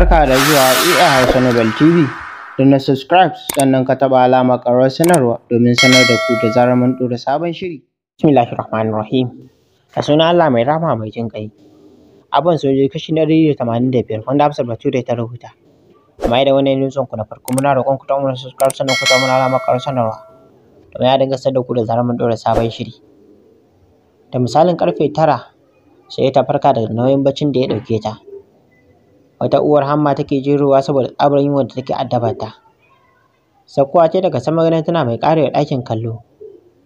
Barka da zuwa EA Hausa Nobel TV. Da na subscribe sannan ka taɓa alama ƙarar sanarwa domin sanar da ku da zarar mun ɗora sabon shiri. Bismillahir Rahmanir Rahim. Da sunan Allah mai rahama mai jin ƙai. Abin je kashi na ɗari da tamanin da biyar wanda Hafsat Bature ta rubuta. amma idan wani yin ku na farko muna roƙon ku ta umarnin subscribe sannan ku ta umarnin alama ƙarar sanarwa. Domin ya dinga sanar da ku da zarar mun ɗora sabon shiri. Da misalin ƙarfe tara sai ta farka daga nauyin baccin da ya ɗauke ta. wata uwar hamma take jerowa saboda tsabar yunwar da take addabar addabarta. ce daga saman gadon tana mai ƙare ɗakin kallo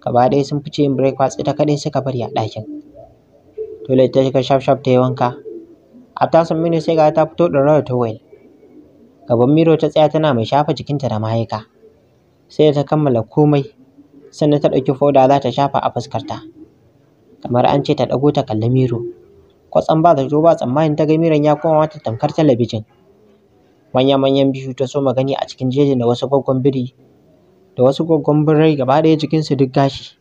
gaba ɗaya sun fice yin breakfast ita kaɗai suka bari a ɗakin Dole ta shiga shaf shaf ta yi wanka after some minutes sai ga ta fito ɗaure da towel gaban miro ta tsaya tana mai shafa jikinta da mayuka. sai ta kammala komai sannan ta ɗauki foda za ta shafa a fuskarta kamar an ce ta ɗago ta kalli miro Kwatsam ba zato ba tsammani ta ga miran ya koma mata tamkar talabijin. Manya-manyan biyu ta soma gani a cikin jejin da wasu gwaggon biri da wasu gwaggon birrai gaba ɗaya jikinsu duk gashi.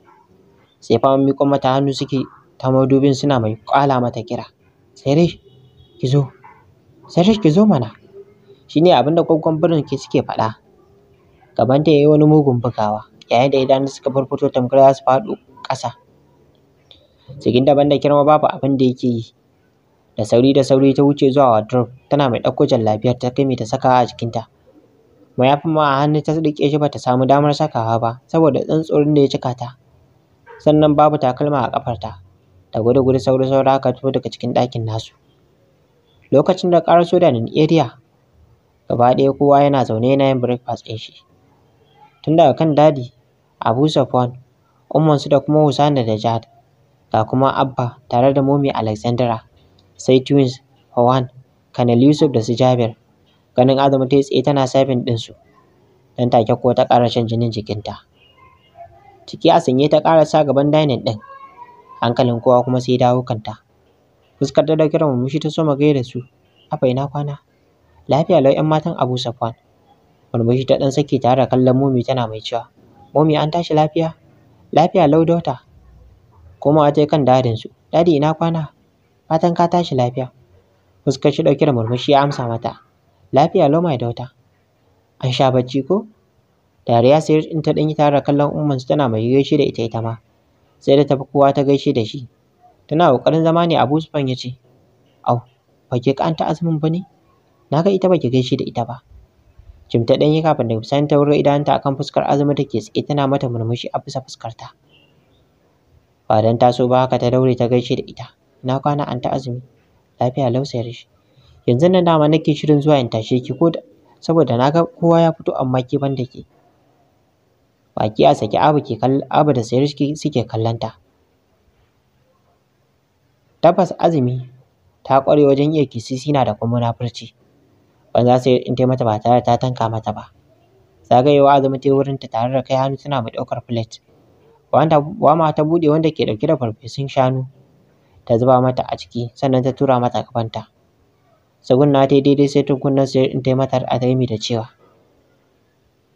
Sai faman miƙo mata hannu suke ta madubin suna mai ƙwala mata kira. Sare ki zo, ki zo mana. Shi ne abin da gwaggon birin ke suke faɗa. Gabanta ya yi wani mugun bugawa yayin da idanu suka farfoto tamkar za su faɗo ƙasa. Cikin daban da girma babu abin da yake yi da sauri da sauri ta wuce zuwa wardrobe tana mai ɗauko lafiyar ta kai ta saka a jikinta mayafin ma a hannu ta riƙe shi ba ta samu damar sakawa ba saboda tsuntsurin da ya cika ta sannan babu takalma a ƙafarta da gudu-gudu sauri sauri haka fito daga cikin ɗakin nasu lokacin da ƙaraso soda nan area gaba ɗaya kowa yana zaune yana yin breakfast ɗin shi tun daga kan dadi abu safwan ummansu da kuma husana da jad ga kuma abba tare da momi alexandra sai Twins, Hoan, kanel Yusuf da su Jabir. Ganin Adamu ta yi tsaye tana sabin ɗinsu. don take ko ta ƙara shan jinin jikinta. Ciki a sanye ta ƙara sa gaban dainin ɗin. Hankalin kowa kuma sai dawo kanta. Fuskar ta ɗauke da murmushi ta soma gaida su. Afa ina kwana. Lafiya lau 'yan matan Abu Safwan. Murmushi ta ɗan saki tare da kallon Momi tana mai cewa. Momi an tashi lafiya? Lafiya lau daughter. Komawa ta kan dadinsu. Dadi ina kwana? fatan ka tashi lafiya fuskar shi ɗauke da murmushi ya amsa mata lafiya lau mai dauta an sha bacci ko dariya sai in ta ɗanyi tare da kallon umman su tana mai gaishe da ita ita ma sai da tafi kowa ta gaishe da shi tana ƙoƙarin zama ne abu sufan ya ce au ba ki ƙanta azumin ba ne na ga ita ba ki gaishe da ita ba jim ta ɗanyi kafin da bisani ta wurga idanunta akan fuskar azumi take tsaye tana mata murmushi a bisa fuskarta ba don taso ba haka ta daure ta gaishe da ita Ina kwana anta azumi? Lafiya lau rashi Yanzu nan dama nake shirin zuwa in tashe ki ko saboda na ga kowa ya fito amma ke ban ke. Baki a saki Abu ke Abu da rashi suke kallonta. Tabbas azumi ta ƙware wajen iya kisisi na da kuma munafurci. Ban za su in tai mata ba tare da ta tanka mata ba. yau azumi ta wurin wurinta tare da kai hannu tana mai ɗaukar filet. Wanda wama ta buɗe wanda ke ɗauke da farfesun shanu ta zuba mata a ciki sannan ta tura mata kafanta tsugunna ta daidai sai tukunan sai in tai mata alheri da cewa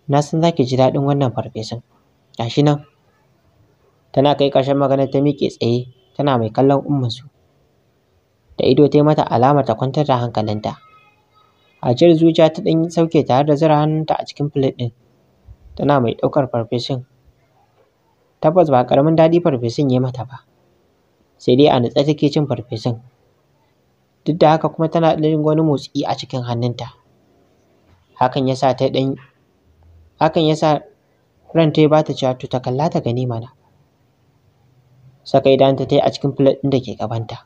na san za ki ji daɗin wannan farfesun shi nan tana kai ƙarshen maganar ta miƙe tsaye tana mai kallon ummansu da ido ta mata alamar ta kwantar da hankalinta A ajiyar zuciya ta ɗan sauke tare da zura hannunta a cikin filin ɗin tana mai ɗaukar farfesun tabbas ba ƙaramin daɗi farfesun ya yi mata ba sai dai a natse take cin farfesun duk da haka kuma tana ɗan wani motsi a cikin hannunta hakan ya sa ta ɗan hakan ya sa ran ta ba ta cewa to ta kalla ta gani mana saka idan ta yi a cikin plate ɗin da ke gabanta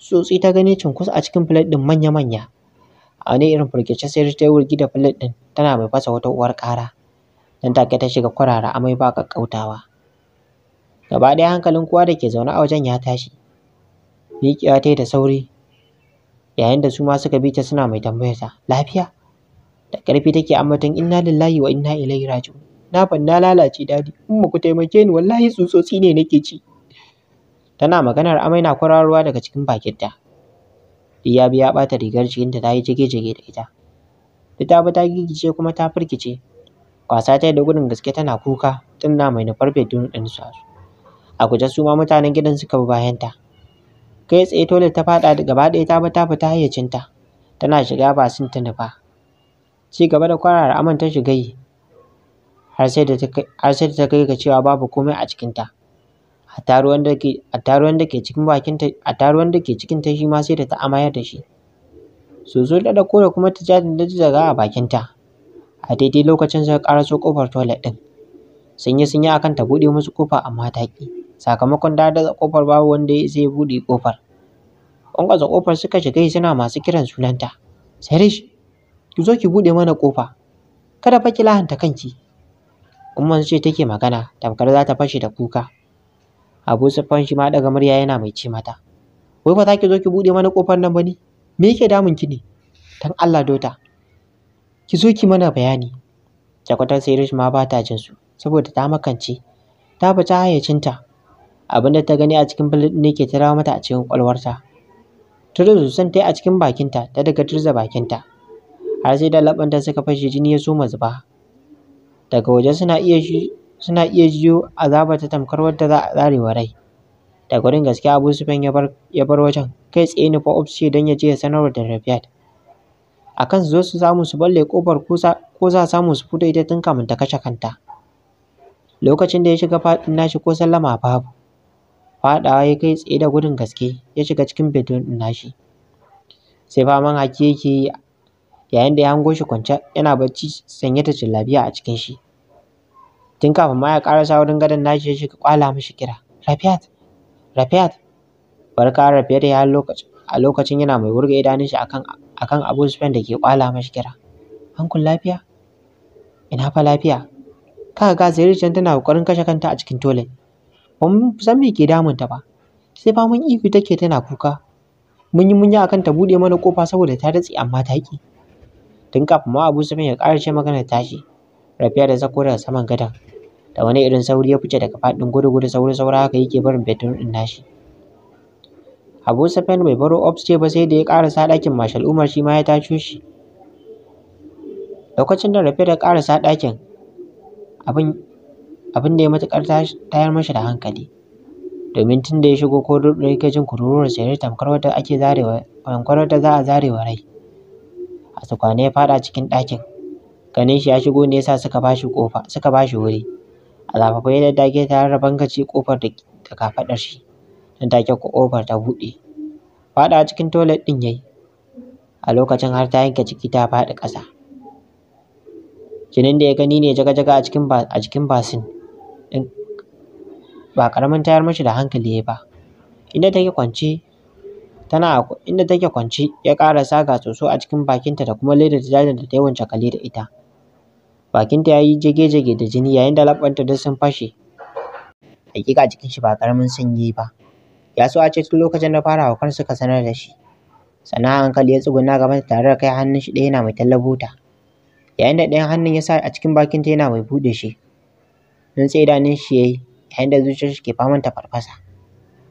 tsotsi ta gani cunkus a cikin plate ɗin manya-manya a wani irin firgice sai ta yi wurgi da plate ɗin tana mai fasa wata uwar ƙara nan take ta shiga kwarara amai ba ƙaƙƙautawa Gaba ɗaya hankalin kowa da ke zaune a wajen ya tashi. Miƙewa ta yi da sauri yayin da su ma suka bi ta suna mai ta lafiya? Da ƙarfi take ambaton inna lillahi wa inna ilaihi raji'un. Na ban na lalace dadi umma ku taimake ni wallahi tsutsotsi ne nake ci. Tana maganar amai na kwararowa daga cikin bakin bakinta. Iyabi biya ɓata rigar cikin ta yi jige-jige da ita. ta ba ta gigice kuma ta firkice Kwasa ta da gudun gaske tana kuka tana mai nufar bedroom ɗin su. a guje suma, mutanen gidan suka bi bayanta kai tsaye tole ta faɗa gaba ɗaya ta bi ta fita hayyacinta tana shiga ba sun ta nufa ci gaba da kwarara aman ta shiga yi har sai da ta kai ga cewa babu komai a cikinta a taruwan da ke cikin ta shi ma sai da ta amayar da shi zo da ɗauko kuma tijadin da daga a bakinta a daidai lokacin suka ƙaraso ƙofar toilet ɗin sun yi sun yi akan ta buɗe musu ƙofa amma ta ƙi sakamakon da daga ƙofar babu wanda ya isa ya buɗe ƙofar ƙwanƙwasa ƙofar suka shiga suna masu kiran sunanta sarish ki zo ki buɗe mana ƙofa kada fa ki lahanta kanki umman ce take magana tamkar za ta fashe da kuka abu sufan shi ma daga murya yana mai ce mata wai ba za ki zo ki buɗe mana ƙofar nan ba ne me yake damun ki ne dan Allah dota ki zo ki mana bayani jakwatar sirish ma ba ta jin su saboda ta makance ta fita hayyacinta abin da ta gani a cikin filit ne ke tara mata a cikin kwalwarta turzu san ta a cikin bakinta ta daga turza bakinta har sai da ta suka fashe jini ya soma zuba daga waje suna iya suna iya jiyo azabar ta tamkar wadda za a wa rai da gurin gaskiya Abu Sufyan ya bar ya bar wajen kai tsaye nufa ofishe don ya je ya sanarwa da Rabiat akan su zo su samu su balle kofar ko za samu su fito ita tun kamin ta kashe kanta lokacin da ya shiga faɗin nashi ko sallama babu faɗawa ya kai tsaye da gudun gaske ya shiga cikin bedroom ɗin nashi sai faman haki yake yi yayin da ya hango shi kwance yana bacci sanye da jallabiya a cikin shi tun kafin ma ya ƙarasa wurin gadon nashi ya shiga kwala mishi kira Rafiat Rafiat barka Rafiat ya lokacin a lokacin yana mai wurga idanun shi akan akan Abu sufen da ke kwala mishi kira hankul lafiya ina fa lafiya kaga ga Zairatu tana kokarin kashe kanta a cikin tolin ba mu san me ke damunta ba sai mun ihu take tana kuka mun yi munya akan ta buɗe mana ƙofa saboda ta datse amma ta ƙi tun kafin ma Abu Sufyan ya ƙarashe maganar tashi rafiya da sako daga saman gadon da wani irin sauri ya fice daga faɗin gudu-gudu sauri saura haka yake barin bedroom ɗin nashi Abu Sufyan bai baro ce ba sai da ya ƙarasa ɗakin Marshal Umar shi ma ya tashi shi lokacin da Rabi'a ta ƙarasa ɗakin abin abin da ya matuƙar tayar mashi da hankali domin tun da ya shigo ko da yake jin kururuwar sai tamkar wata ake zarewa tamkar wata za a zarewa rai a tukwane ya faɗa cikin ɗakin ganin shi ya shigo ne yasa suka bashi ƙofa suka bashi wuri a zafafa ya daddage tare da ƙofar da kafaɗar shi nan take ƙofar ta buɗe faɗa cikin toilet ɗin yayi a lokacin har ta yanke ciki ta faɗi ƙasa jinin da ya gani ne jaga-jaga a cikin basin ɗin ba ƙaramin tayar mashi da hankali ya ba inda take kwance tana inda take kwance ya ƙara saga soso a cikin bakinta da kuma ledar jajar da ta yi wancakale da ita bakinta ya yi jage-jage da jini yayin da laɓanta duk sun fashe hakika jikin shi ba ƙaramin sanyi ba ya so a ce tun lokacin da fara haukar suka sanar da shi sannan hankali ya tsuguna gaban tare da kai hannun shi ɗaya yana mai tallabo ta yayin da ɗayan hannun ya sa a cikin bakinta yana mai buɗe shi sai idanun shi yayi yayin da zuciyar shi ke faman ta farfasa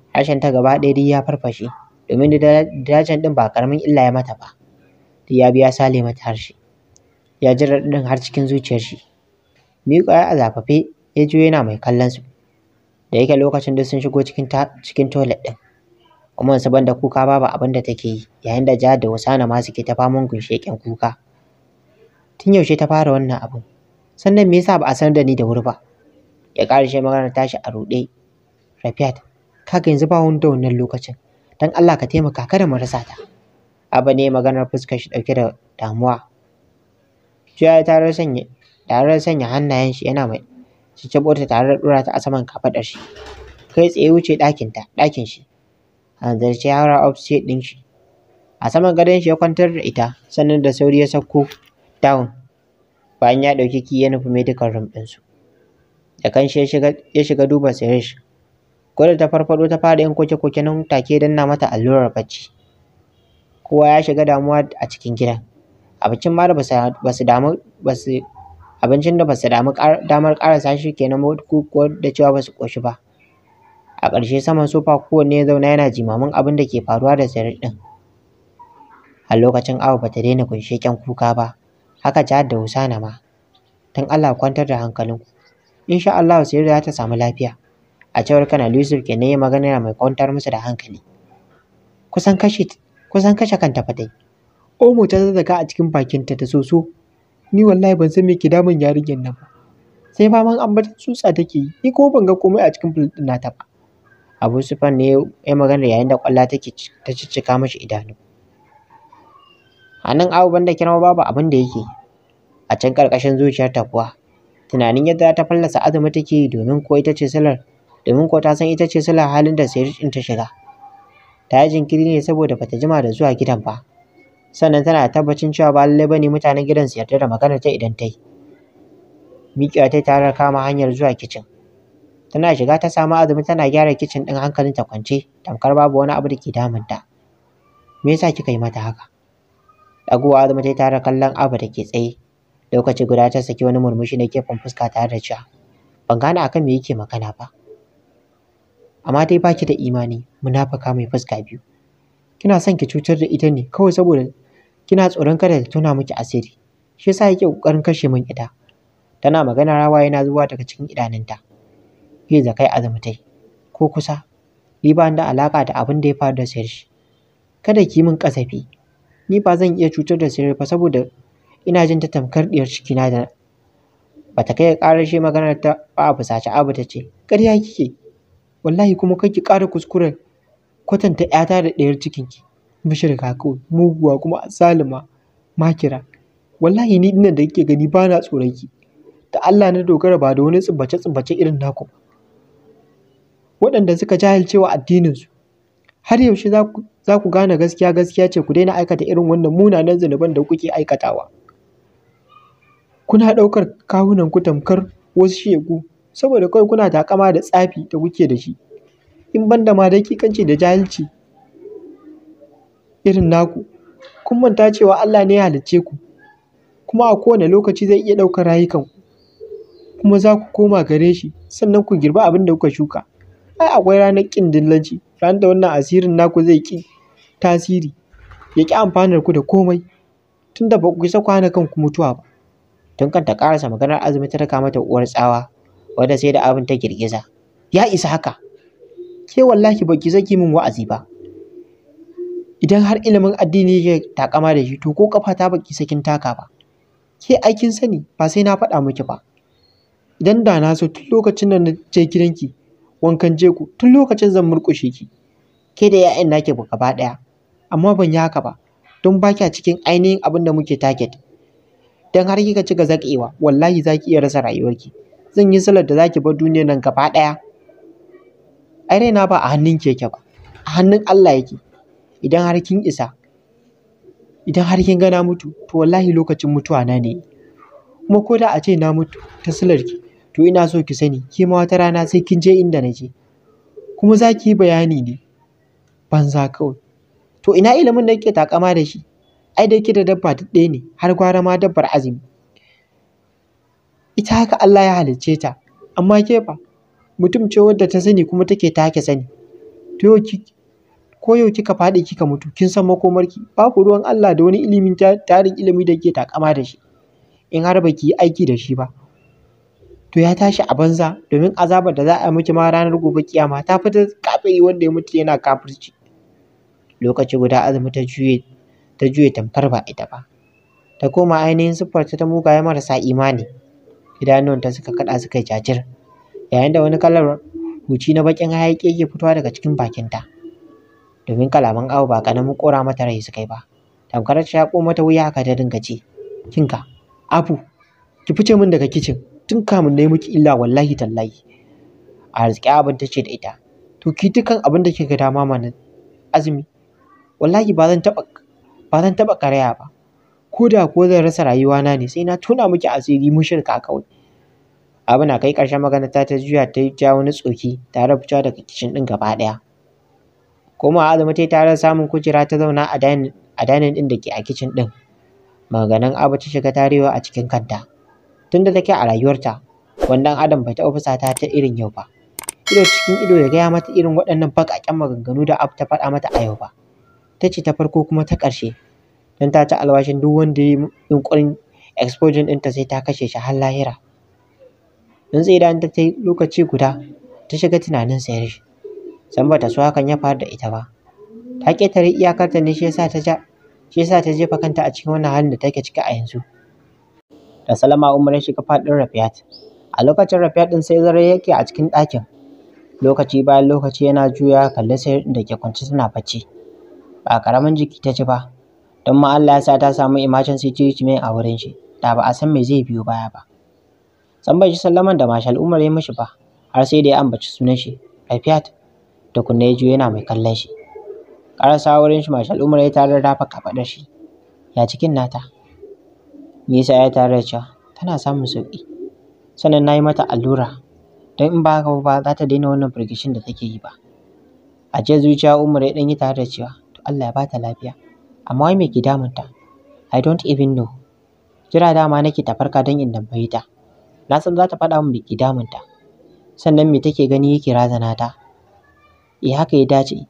harshen ta gaba ɗaya duk ya farfashe domin da dajin din ba karamin illa ya mata ba duk ya biya sale mata harshe ya ji raɗaɗin har cikin zuciyar shi miƙa a zafafe ya juyo yana mai kallon su da yake lokacin duk sun shigo cikin cikin toilet din kuma su banda kuka babu abin da take yi yayin da jihar da wasana ma suke ta faman gunsheƙen kuka tun yaushe ta fara wannan abin sannan me yasa ba a sanar da ni da wuri ba ya ƙara ƙarashe magana tashi a ruɗe rafiat kaga yanzu ba wani da wannan lokacin dan allah ka taimaka kada mu rasa ta abu ne maganar fuskar shi dauke da damuwa juya ya tarar sanya tare da sanya hannayen shi yana mai cicciɓo tare da ɗora ta a saman kafaɗar shi kai tsaye wuce ɗakin ta ɗakin shi a zarce haura upstate ɗin shi a saman gadon shi ya kwantar da ita sannan da sauri ya sauko down bayan ya ɗauki ki ya nufi medical room ɗinsu. su da kanshi ya shiga duba Sirish. Gwada ta farfado ta fara yin koke-koke nan take danna mata allurar bacci. Kowa ya shiga damuwa a cikin gidan. Abincin ma da basu damu su abincin da su damu damar karasa shi kenan ko da cewa ba su koshi ba. A ƙarshe saman sofa kowanne ya zauna yana jimamin abin da ke faruwa da Sirish din. A lokacin Awa bata daina kunshe kyan kuka ba, haka Jihar da Husana ma. Tun Allah kwantar da hankalinku. insha Allah Sayyidu za ta samu lafiya. A cewar Kanal Yusuf kenan ya magana mai kwantar musu da hankali. Kusan kashe kusan kashe kanta Omo ta zazzaka a cikin bakinta da soso. Ni wallahi ban san me ke damun yarinyar nan ba. Sai baban ambata tsutsa take yi, ni ko ban ga komai a cikin plate nata ba. Abu Sufan ne ya magana yayin da kwalla take ta ciccika mashi idanu. A nan abu banda kirma babu abin da yake. A can ƙarƙashin zuciyar kuwa tunanin yadda ta fallasa azumi take yi domin ko ita ce silar domin ko ta san ita ce silar halin da sayar ta shiga ta yi jinkiri ne saboda bata jima da zuwa gidan ba sannan tana tabbacin cewa ba lallai bane mutanen gidan su yarda da maganar ta idan ta yi miƙewa ta tarar kama hanyar zuwa kicin tana shiga ta samu azumi tana gyara kicin ɗin ta kwance tamkar babu wani abu da ke damunta me yasa kika yi mata haka ɗaguwa azumi ta tara kallon abu da ke tsaye lokaci guda ta saki wani murmushi na gefen fuska tare da cewa ban gane akan me yake magana ba amma dai baki da imani munafuka mai fuska biyu kina son ki cutar da ita ne kawai saboda kina tsoron kada ta tuna miki asiri shi yasa yake kokarin kashe min ita tana magana rawa yana zuwa daga cikin idanunta yi zakai azumtai ko kusa ni ba da alaka da abin da ya faru da sayar shi kada ki yi min kasafi ni ba zan iya cutar da sayar ba saboda ina jin ta tamkar diyar cikina da bata kai shi magana ta ba a fusace abu ta ce ƙarya kike wallahi kuma kai ki ƙara kuskuren kwatanta ƴata da ɗayar cikinki mashirka kawai muguwa kuma zalima makira wallahi ni dinnan da kike gani ba na tsoron ki da Allah na dogara ba da wani tsibbace tsibbace irin naku waɗanda suka jahilce wa addininsu har yaushe za ku gane gaskiya gaskiya ce ku daina aikata irin wannan munanan zunuban da kuke aikatawa Kuna ɗaukar kawunan ku tamkar wasu shegu saboda kawai kuna takama da tsafi da kuke da shi. In ban da ma daƙiƙanci da jahilci irin naku, kun manta cewa Allah ne ya halicce ku kuma a kowane lokaci zai iya ɗaukar rayukan ku. kuma za ku koma gare shi sannan ku girbi abin da kuka shuka. Ai akwai ranar ƙin dillanci, ranar da wannan asirin naku zai ƙi tasiri, ya ƙi amfanar ku da komai tunda ba ku isa kwana kanku mutuwa ba. tun kan ta karasa maganar azumi ta raka mata uwar tsawa wadda sai da abin ta girgiza ya isa haka ke wallahi baki zaki min wa'azi ba idan har ilimin addini yake takama da shi to ko kafa ta baki sakin taka ba ke aikin sani ba sai na faɗa miki ba idan da na so tun lokacin da na je gidanki wankan je ku, tun lokacin zan murƙushe ki ke da 'ya'yan nake gaba ɗaya amma ban yi haka ba don ba kya cikin ainihin abin da muke target dan har kika cika zakewa wallahi zaki iya rasa rayuwarki zan yi salar da zaki bar duniyar nan gaba daya ai raina ba a hannun keke ba a hannun Allah yake idan har kin isa idan har kin ga na mutu to wallahi lokacin mutuwa na ne kuma ko da a ce na mutu ta salarki to ina so ki sani ke ma wata rana sai kin je inda na je kuma za bayani ne banza kawai to ina ilimin da kike takama da shi ai dai ke da dabba ta ɗaya ne har gwara ma dabbar azumi ita haka Allah ya halicce ta amma ke fa mutum ce wanda ta sani kuma take take sani to yau ki ko yau kika faɗi kika mutu kin san makomarki babu ruwan Allah da wani ilimin tarin ilimi da ke takama da shi in har baki yi aiki da shi ba to ya tashi a banza domin azabar da za a miki ma ranar gobe kiyama ta fita kafiri wanda ya mutu yana kafirci lokaci guda azumi ta juye ta juya tamkar ba ita ba ta koma ainihin siffarta ta mugaye marasa imani idanuwanta suka kaɗa suka yi jajir yayin da wani kalar huci na bakin hayaki yake fitowa daga cikin bakinta domin kalaman awo ba ƙaramin ƙora mata rai suka yi ba tamkar ta shaƙo mata wuya haka ta dinga ce kinka Abu! ki fice min daga kicin tun kamun na yi miki illa wallahi tallahi a arziki abin ta ce da ita to ki dukan abin da kika dama mana azumi wallahi ba zan taɓa ba zan taɓa karaya ba ko da ko zan rasa rayuwa na ne sai na tuna miki asiri shirka kawai abin na kai ƙarshen magana ta ta juya ta jawo wani tsoki tare fita daga kicin ɗin gaba ɗaya kuma azumi ta yi tare samun kujera ta zauna a danin ɗin da ke a kicin ɗin maganan abu ta shiga tarewa a cikin kanta tunda take a rayuwarta wannan adam bai taɓa fusata ta irin yau ba ido cikin ido ya gaya mata irin waɗannan baƙaƙen maganganu da abu ta faɗa mata a yau ba ta ce ta farko kuma ta ƙarshe don ta ci alwashin duk wanda ya yi yunƙurin exposing ɗinta sai ta kashe shi har lahira. sai idan ta yi lokaci guda ta shiga tunanin sayar shi. san ba ta so hakan ya faru da ita ba. Ta ƙetare iyakarta ne shi yasa ta ja shi yasa ta jefa kanta a cikin wannan halin da take ciki a yanzu. Da salama Umar ya shiga faɗin Rafiyat. A lokacin Rafiyat ɗin sai zarar yake a cikin ɗakin. Lokaci bayan lokaci yana juya kalli sai da ke kwance tana bacci. Ba ƙaramin jiki ta ci ba. don ma Allah ya sa ta samu emergency treatment a wurin shi da ba a san me zai biyo baya ba san bai ji sallaman da mashal Umar ya mishi ba har sai da ya ambaci sunan shi Rafiat da kunne yaji yana mai kallon shi karasa wurin shi mashal Umar ya tarar da faka fada shi ya cikin nata Nisa ya tarar cewa tana samun sauki sannan na yi mata allura don in ba ka ba za ta daina wannan firgishin da take yi ba a jiya zuciya Umar ya ɗan yi tare da cewa to Allah ya bata lafiya amma wai me ke damunta I don't even know jira dama nake ta farka don in tambaye ta na san za ta faɗa min me ke damunta sannan me take gani yake razana ta E, haka ya dace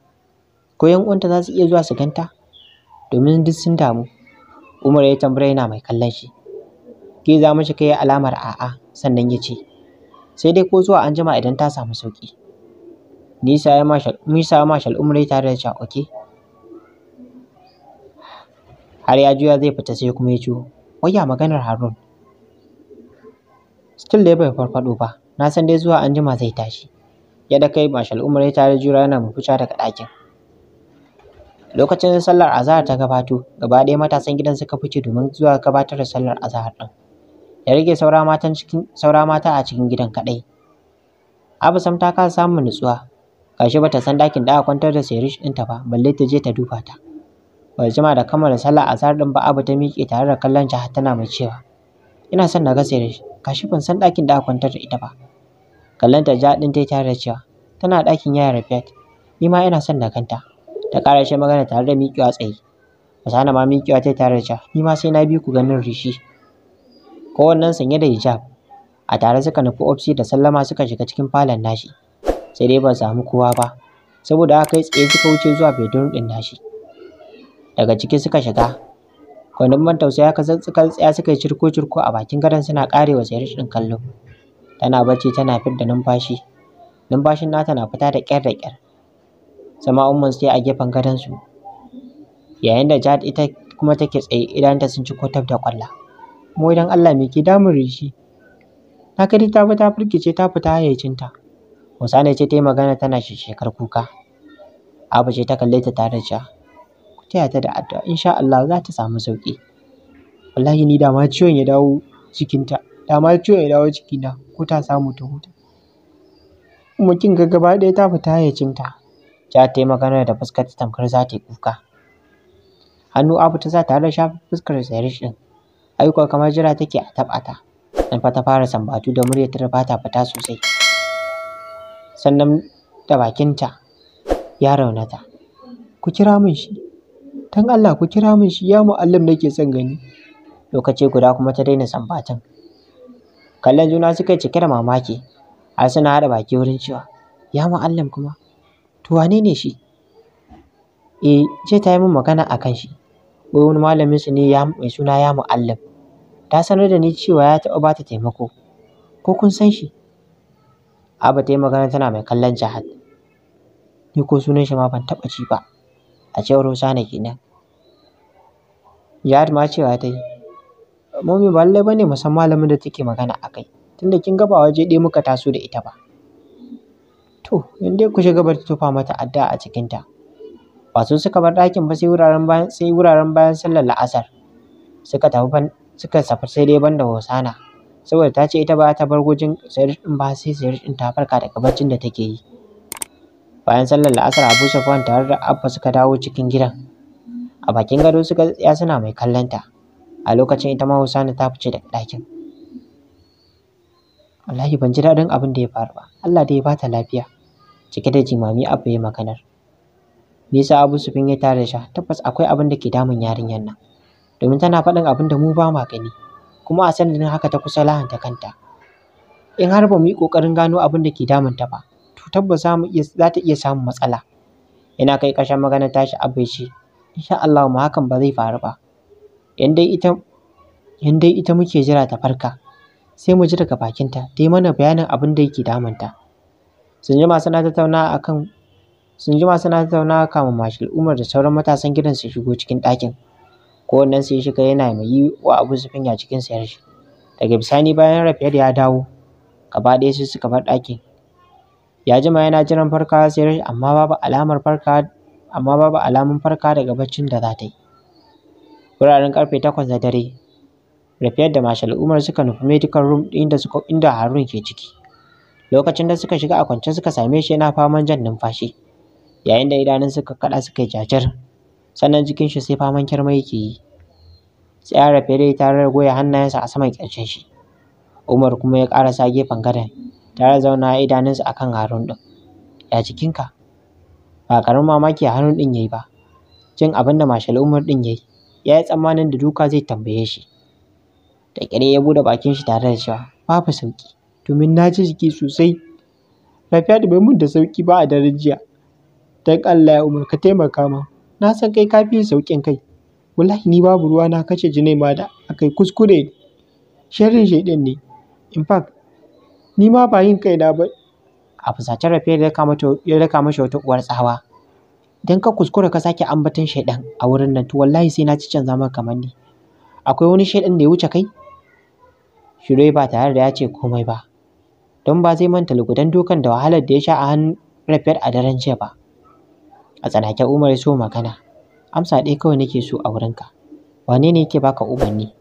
ko yan uwanta za su iya zuwa su ganta domin duk sun damu Umar ya tambaya yana mai kallon shi ke za mishi kai alamar a'a sannan ya ce sai dai ko zuwa anjima idan ta samu sauƙi. Nisa ya mashal Umar tare da cewa okay har ya juya zai fita sai kuma ya ciwo waya maganar harun still dai bai farfaɗo ba na san dai zuwa anjima zai tashi ya da kai mashal umar ya tare jura yana mafuca daga ɗakin lokacin sallar azahar ta gabato gaba ɗaya matasan gidan suka fice domin zuwa gabatar da sallar azahar ɗin ya rage saura matan cikin saura mata a cikin gidan kaɗai abu ta kasa samun nutsuwa gashi bata san ɗakin da aka kwantar da sirish ta ba balle ta je ta duba ta Bai jima da kammala sallah azhar ɗin ba Abu ta miƙe tare da kallon ta tana mai cewa ina son na ga shi kashi ban san ɗakin da aka kwantar da ita ba. Kallon ta ja ɗin tai tare da cewa tana ɗakin yaya Rafiat ni ma ina son na ganta. Ta ƙara shi magana tare da miƙewa tsaye. masana ma miƙewa tai tare da cewa ni ma sai na bi ku ganin Rishi. kowannan sanye da hijab a tare suka nufi ofisi da sallama suka shiga cikin falon nashi sai dai ba samu kowa ba saboda haka kai tsaye suka wuce zuwa bedroom ɗin nashi. daga ciki suka shiga gwanin man tausaya kasance suka tsaya suka yi cirko cirko a bakin gadon suna karewa wa sayar ɗin kallo tana bacci tana fidda numfashi numfashin nata na fita da kyar da kyar. sama umman sai a gefen gadon su yayin da jad ita kuma take tsaye idan ta sun ci kotab da kwalla mu idan Allah me ke damun rishi na kadi ta ta firgice ta fita hayyacinta ne ce ta yi magana tana shekar kuka Abu ce ta kalle ta tare da taya ta da addu'a in sha Allah za ta samu sauƙi. Wallahi ni dama ciwon ya dawo jikinta, dama ciwon ya dawo ko ta samu ta huta. Kuma ga gaba ɗaya ta fita ya ja ta yi magana da fuskar ta tamkar za ta yi kuka. Hannu Abu ta sa tare da shafa fuskar Zairish ɗin, aiko kamar jira take a taɓa ta. fa ta fara sambatu da murya, ta ba ta fita sosai. Sannan da bakinta ya raunata. Ku kira min shi. Dan Allah ku kira min shi ya mu'allim nake son gani lokaci guda kuma ta daina sambatan kallon juna suka yi cike da mamaki har suna haɗa baki wurin cewa ya mu'allim kuma to wane ne shi eh ce ta yi min magana akan shi wai wani malamin su ne mai suna ya mu'allim ta sanar da ni cewa ya taɓa bata taimako ko kun san shi Aba ta yi magana tana mai kallon Jahad ni ko sunan shi ma ban taɓa ci ba a cewar ne kenan Jihar ma cewa ta yi Mami, ba lallai ne mu san malamin da take magana a kai tunda kin ga waje ɗaya muka taso da ita ba to in dai ku shiga bar tufa mata addu'a a cikinta ba su suka bar ɗakin ba sai wuraren bayan sai wuraren bayan sallar la'asar suka tafi ban suka safi sai dai banda Hosana saboda ta ce ita ba ta bar gujin sayar ba sai sayar ta farka daga barcin da take yi bayan sallar la'asar abu Safwan tare da abba suka dawo cikin gidan a bakin gado suka tsaya suna mai kallonta a lokacin ita ma husana ta fice daga ɗakin wallahi ban ji daɗin abin da ya faru ba allah da ya ba ta lafiya cike da jimami abba ya maganar me yasa abu sufin ya tare sha tabbas akwai abin da ke damun yarinyar nan domin tana faɗin abin da mu ba ma gani kuma a sanadin haka ta kusa lahanta kanta in har ba mu yi ƙoƙarin gano abin da ke damunta ba to tabbas za mu iya za ta iya samun matsala ina kai ƙarshen maganar tashi a baice insha Allah ma hakan ba zai faru ba in dai ita in dai ita muke jira ta farka sai mu ji daga bakinta ta mana bayanin abin da yake damunta sun jima suna tattauna akan sun jima suna tattauna kan mashal Umar da sauran matasan gidan su shigo cikin ɗakin ko su ya shiga yana mai yi wa Abu Sufyan cikin sayar shi daga bisani bayan da ya dawo gaba ɗaya sai suka bar ɗakin ya jima yana jiran farka, sai amma babu alamar farka amma babu alamun farka daga baccin da za ta yi wuraren karfe takwas da dare Rafiyar da Mashal Umar suka nufi medical room inda suka inda Harun ke ciki lokacin da suka shiga a kwance suka same shi yana faman jan numfashi yayin da idanun suka kada suka yi jajir sannan jikin shi sai faman kirma yake yi tsaya Rafiyar ta goya hannayensa a saman ƙirjin shi Umar kuma ya ƙarasa gefen gadon tare zauna idanunsa a kan Harun ɗin. Ya jikinka? Ba ƙaramin mamaki Harun ɗin ya yi ba. Jin abin da Mashal Umar ɗin ya yi, ya yi tsammanin da duka zai tambaye shi. Da ƙyare ya buɗe bakin shi tare da cewa babu sauƙi domin na ji jiki sosai. Lafiya da bai mun da sauƙi ba a daren jiya. Don Allah ya Umar ka taimaka ma. Na san kai ka fi sauƙin kai. Wallahi ni babu ruwa na kashe jinai ma da akai kuskure. Sharrin shaiɗan ne. In fact ni ma ba yin kaina ba a fusace rafe ya daka mata ya daka mashi wata uwar tsawa dan ka kuskura ka sake ambaton shaidan a wurin nan to wallahi sai na ci canza maka kamar ni akwai wani shaidan da ya wuce kai Shiroi ba tare da ya ce komai ba don ba zai manta lugudan dokan da wahalar da ya sha a hannun rafiyar a daren jiya ba a tsanake umar ya so magana amsa ɗaya kawai nake so a wurinka wane ne yake baka umarni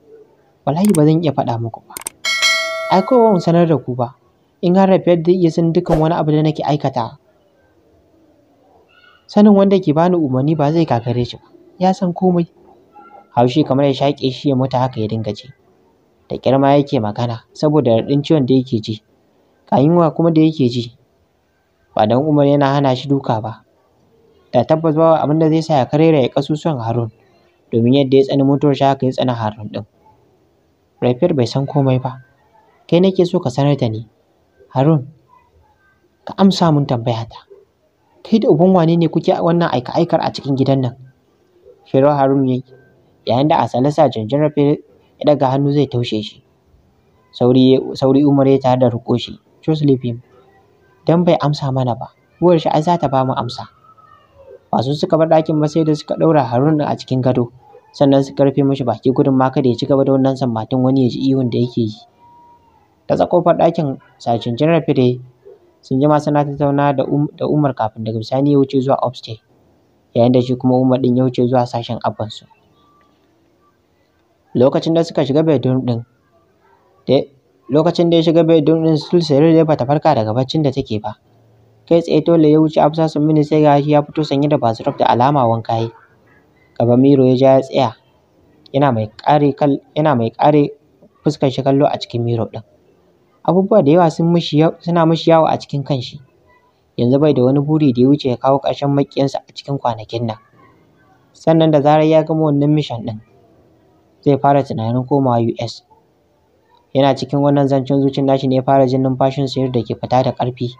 wallahi ba zan iya faɗa muku ba ai kowa mu sanar da ku ba in har Rafiyat da iya sanin dukkan wani abu da nake aikata. Sanin wanda ke bani umarni ba zai kakare shi ba, ya san komai. Haushi kamar ya shaƙe shi ya mutu haka ya dinga ji. Da ƙyarma yake magana saboda raɗin ciwon da yake ji, kayinwa kuma da yake ji. Ba dan Umar yana hana shi duka ba. Da tabbas ba abin da zai sa ya karera ya kasusuwan Harun, domin yadda ya tsani mutuwar shi haka ya tsani Harun ɗin. Rafiyar bai san komai ba. Kai nake so ka sanar da ni, Harun, ka amsa mun tambayata. Kai da uban wane ne kuke wannan aika-aikar a cikin gidan nan? Shiru Harun ya yi, yayin da Asalasa rafe ya ɗaga hannu zai taushe shi. Sauri Umar ya tare da riƙo shi, just Dan bai amsa mana ba, uwar shi ai za ta ba mu amsa. Ba suka bar ɗakin ba sai da suka ɗaura Harun a cikin gado, sannan suka rufe mashi baki gudun ma kada ya ci gaba da wannan sammatin wani ya ji ihun da yake yi. Ta ƙofar ɗakin sashen Janar Fire sun jima suna tattauna da, um-, da Umar kafin daga bisani ya wuce zuwa upstairs yayin da shi kuma Umar ɗin ya wuce zuwa sashen abansu. Lokacin da suka shiga bedroom ɗin lokacin da ya shiga bedroom ɗin Sul ya bata farka daga baccin da take ba. Kai tsaye dole ya wuce Hafsa sun mini sai gashi ya fito sanye da basu da alama wanka yi. Gaba Miro ya ja ya tsaya yana mai ƙare yana mai fuskar shi kallo a cikin miro ɗin. abubuwa da yawa sun mishi suna mishi yawo a cikin kanshi yanzu bai da wani buri da ya wuce ya kawo ƙarshen maƙiyansa a cikin kwanakin nan sannan da zarar ya gama wannan mission ɗin zai fara tunanin komawa US yana cikin wannan zancen zuciyar nashi ne ya fara jin numfashin sayar yadda ke fita da ƙarfi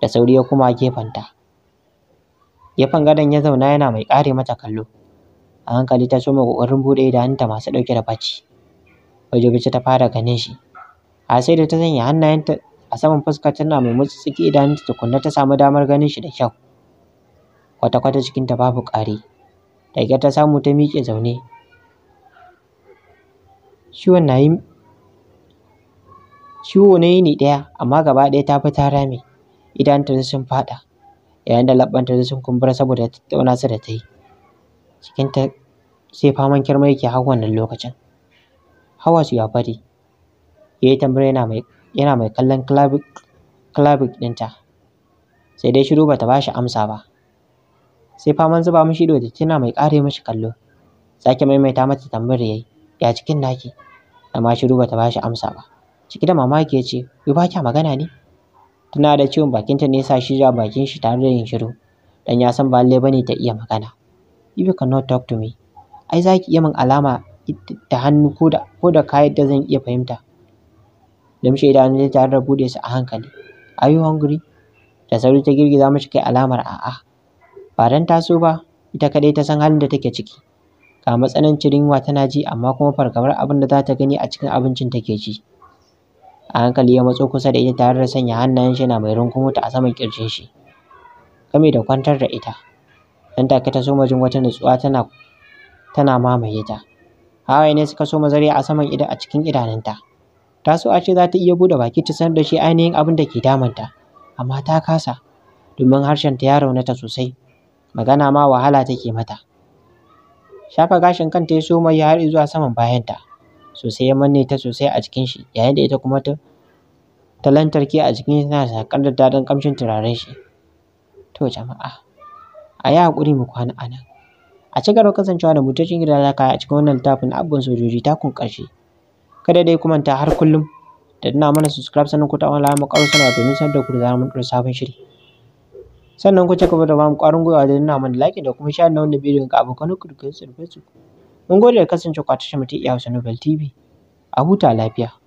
da sauri ya koma gefenta gefen gadon ya zauna yana mai ƙare mata kallo a hankali ta soma ƙoƙarin buɗe idanunta masu ɗauke da bacci waje-waje ta fara ganin shi a sai da ta sanya hannayenta a saman fuska tana mai mutsutsuke idanunta tukunna ta samu damar ganin shi da kyau kwata-kwata jikinta babu ƙwari da ta samu ta miƙe zaune ciwon na yi ciwo na yini ɗaya amma gaba ɗaya ta fi ta rame idanunta sun faɗa yayin da labbanta sun kumbura saboda tattauna su da ta yi cikinta sai faman kirma yake har wannan lokacin hawa su ya fari ya yi tambayar yana mai yana mai kallon clavic clavic ɗinta sai dai shiru bata bashi amsa ba sai faman zuba mishi ido da tana mai ƙare mishi kallo sake maimaita mata tambayar yayi ya cikin naki amma shiru bata bashi amsa ba ciki da mamaki ya ce wai ba kya magana ne tana da ciwon bakinta ne sa shi ja bakin shi tare da yin shiru dan ya san ba lallai bane ta iya magana if you cannot talk to me ai zaki iya min alama da hannu ko da ko da kayan da zan iya fahimta lumshe idanunta tare da buɗe su a hankali are you hungry da sauri ta girgiza mishi kai alamar a'a ba dan taso ba ita kadai ta san halin da take ciki ga matsanancin yunwa tana ji amma kuma fargabar abin da za ta gani a cikin abincin take ci a hankali ya matso kusa da ita tare da sanya hannayen shi yana mai rungumo ta a saman kirjin shi game da kwantar da ita dan take ta soma jin wata nutsuwa tana tana mamaye ta hawaye ne suka soma zare a saman ido a cikin idanunta ta so a ce za ta iya buɗe baki ta sanar da shi ainihin abin da ke damunta amma ta kasa domin harshen ta ya raunata sosai magana ma wahala take mata shafa gashin kanta ya soma ya har zuwa saman bayanta sosai ya manne ta sosai a jikin shi yayin da ita kuma ta talantarki a jikin shi, tana sakar da dadin kamshin turaren shi to jama'a a yi haƙuri mu kwana a nan a cigaba gaba kasancewa da mutacin gida kaya a cikin wannan littafin abin sojoji takun ƙarshe kada dai ku manta har kullum da ina mana subscribe sannan ku taɓa alamar sana sanarwa domin sanar da ku da mun ɗora sabon shiri sannan ku cika gaba da bamu ƙwarin goyawa da ina mana like da kuma share na wannan bidiyon ga abokan ku da kai da mun gode da kasance ku a tashar mu ta e Hausa Nobel TV a huta lafiya